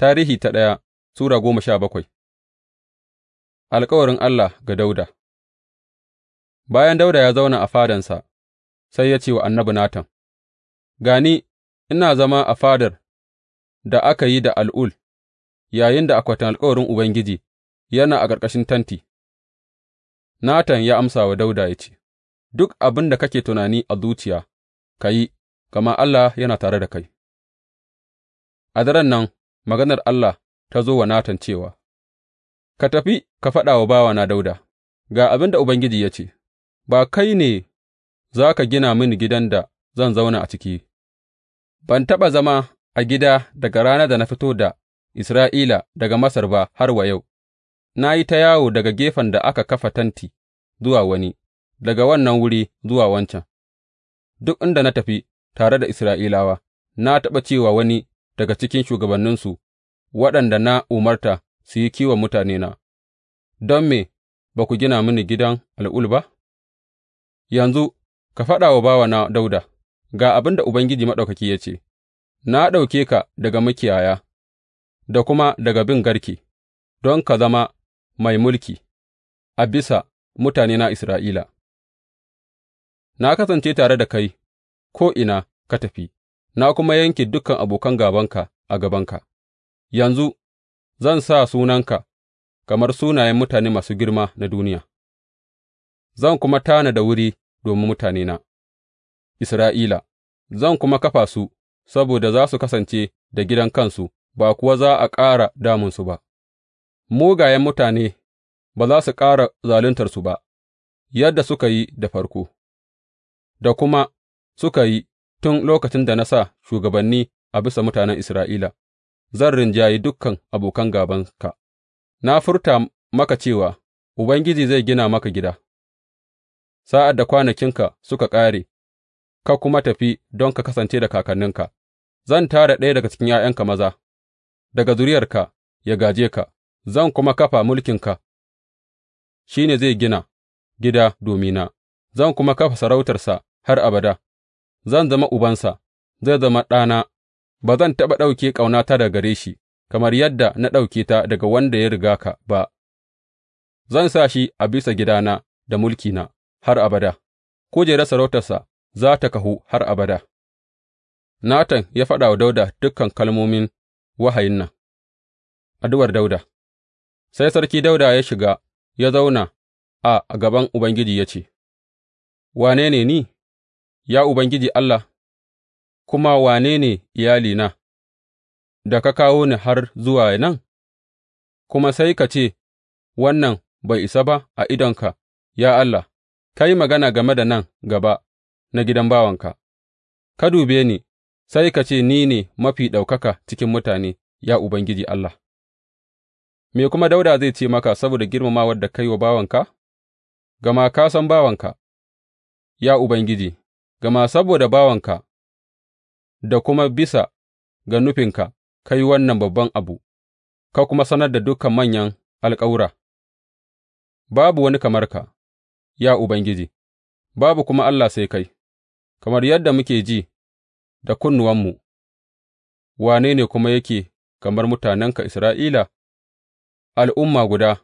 Tarihi ta ɗaya Sura goma sha bakwai Alkawarin Allah ga Dauda. Bayan Dauda ya zauna a fadansa, sai ya ce wa annabi Natan, gani ina zama a fadar da aka yi da al'ul, yayin da akwatin alkawarin Ubangiji yana a ƙarƙashin tanti. Natan ya amsa wa Dauda ya ce, Duk abin da kake tunani a zuciya, ka yi, gama Allah yana tare da kai. A daren nan maganar Allah ta zo wa Natan cewa, Ka tafi ka faɗa wa bawana Dauda. Ga abin da Ubangiji ya ce, Ba kai ne za ka gina mini gidan da zan zauna a ciki, ban taɓa zama a gida daga ranar da na fito da Isra'ila daga Masar ba har wa yau, na yi ta yawo daga gefen da aka kafa tanti zuwa wani, daga wannan wuri zuwa wancan, duk inda na tafi tare da Isra'ilawa, na taɓa cewa wani daga cikin shugabanninsu waɗanda na umarta su yi kiwon mutanena, don me ba ku gina mini gidan al'ul ba? Yanzu ka faɗa wa bawana Dauda, Ga abin da Ubangiji Maɗaukaki ya ce, Na ɗauke ka daga makiyaya da kuma daga bin garke, don ka zama mai mulki a bisa mutanena Isra'ila. Na kasance tare da kai ko'ina ka tafi. na kuma yanke dukan abokan gābanka a gabanka, yanzu zan sa sunanka kamar sunayen mutane masu girma na duniya, zan kuma tanada wuri domin mutanena, Isra'ila, zan kuma kafa su saboda za su kasance da gidan kansu, ba kuwa za a ƙara damunsu ba, mugayen mutane ba za su ƙara zaluntarsu ba, yadda suka yi da farko, da kuma suka yi tun lokacin da na sa shugabanni a bisa mutanen Isra'ila, zan rinjayi dukan abokan gābanka, na furta maka cewa Ubangiji zai gina maka gida, sa'ad da kwanakinka suka ƙare, ka kuma tafi don ka kasance da kakanninka, zan tara ɗaya daga cikin ’ya'yanka maza, daga zuriyarka ya gaje ka, zan kuma kafa mulkinka, shi ne zai gina gida domina, zan kuma kafa sarautarsa har abada. zan zama ubansa, zai zama ɗana, ba zan taɓa ɗauke ƙaunata daga gare shi, kamar yadda na ɗauke ta daga wanda ya riga ka ba, zan sa shi a bisa gidana da mulkina har abada, kujerar sarautarsa za ta kahu har abada. Natan ya faɗa wa dauda dukan kalmomin wahayin nan, addu'ar Dauda. Sai sarki Dauda ya shiga ya zauna a gaban Ubangiji ya ce, Wane ne ni? ya Ubangiji Allah, kuma wane ne iyalina, da ka kawo ni har zuwa nan, kuma sai ka ce, Wannan bai isa ba a idonka, ya Allah, ka yi magana game da nan gaba na gidan bawanka, ka dube ni, sai ka ce ni ne mafi ɗaukaka cikin mutane, ya Ubangiji Allah. Me kuma Dauda zai ce maka saboda girmamawar da ka yi wa bawanka? Gama ka san bawanka, ya Ubangiji, gama saboda bawanka da kuma bisa ga nufinka ka yi wannan babban abu, ka kuma sanar da dukan manyan alkawura, babu wani kamar ka, ya Ubangiji, babu kuma Allah sai kai, kamar yadda muke ji da kunnuwanmu, wane ne kuma yake kamar mutanenka Isra'ila, al'umma guda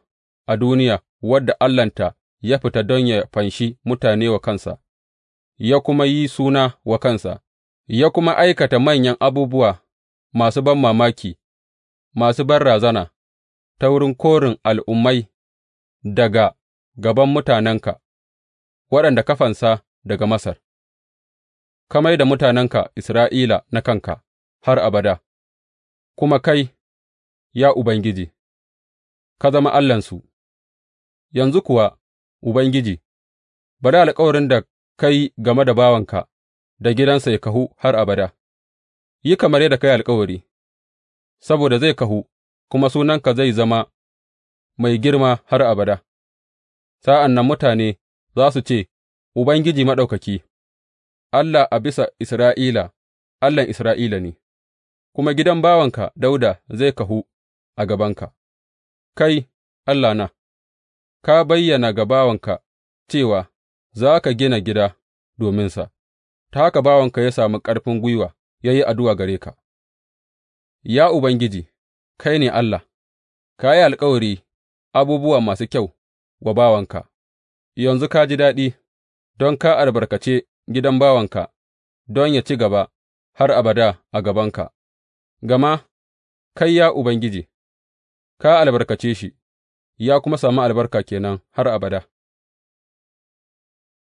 a duniya wadda Allahnta ya fita don ya fanshi mutane wa kansa. ya kuma yi suna wa kansa, ya kuma aikata manyan abubuwa masu banmamaki, masu banrazana ta wurin korin al'ummai daga gaban mutanenka, waɗanda ka fansa daga Masar, ka mai da mutanenka Isra'ila na kanka har abada, kuma kai, ya Ubangiji, ka zama Allahnsu, yanzu kuwa, Ubangiji, bari alkawarin da ka yi game da bawanka da gidansa ya kahu har abada, yi kamar yadda ka yi alkawari, saboda zai kahu, kuma sunanka zai zama mai girma har abada. Sa'an nan mutane za su ce, Ubangiji Maɗaukaki, Allah a bisa Isra'ila, Allahn Isra'ila ne, kuma gidan bawanka Dauda zai kahu a gabanka, kai, Allahna, ka bayyana ga bawanka cewa za ka gina gida dominsa, ta haka bawanka ya sami ƙarfin gwiwa ya yi addu'a gare ka, Ya Ubangiji, kai ne Allah, ka yi alkawari abubuwa masu kyau wa bawanka, yanzu ka ji daɗi don ka albarkace gidan bawanka don ya ci gaba har abada a gabanka, gama kai, ya Ubangiji, ka albarkace shi, ya kuma sami albarka kenan har abada.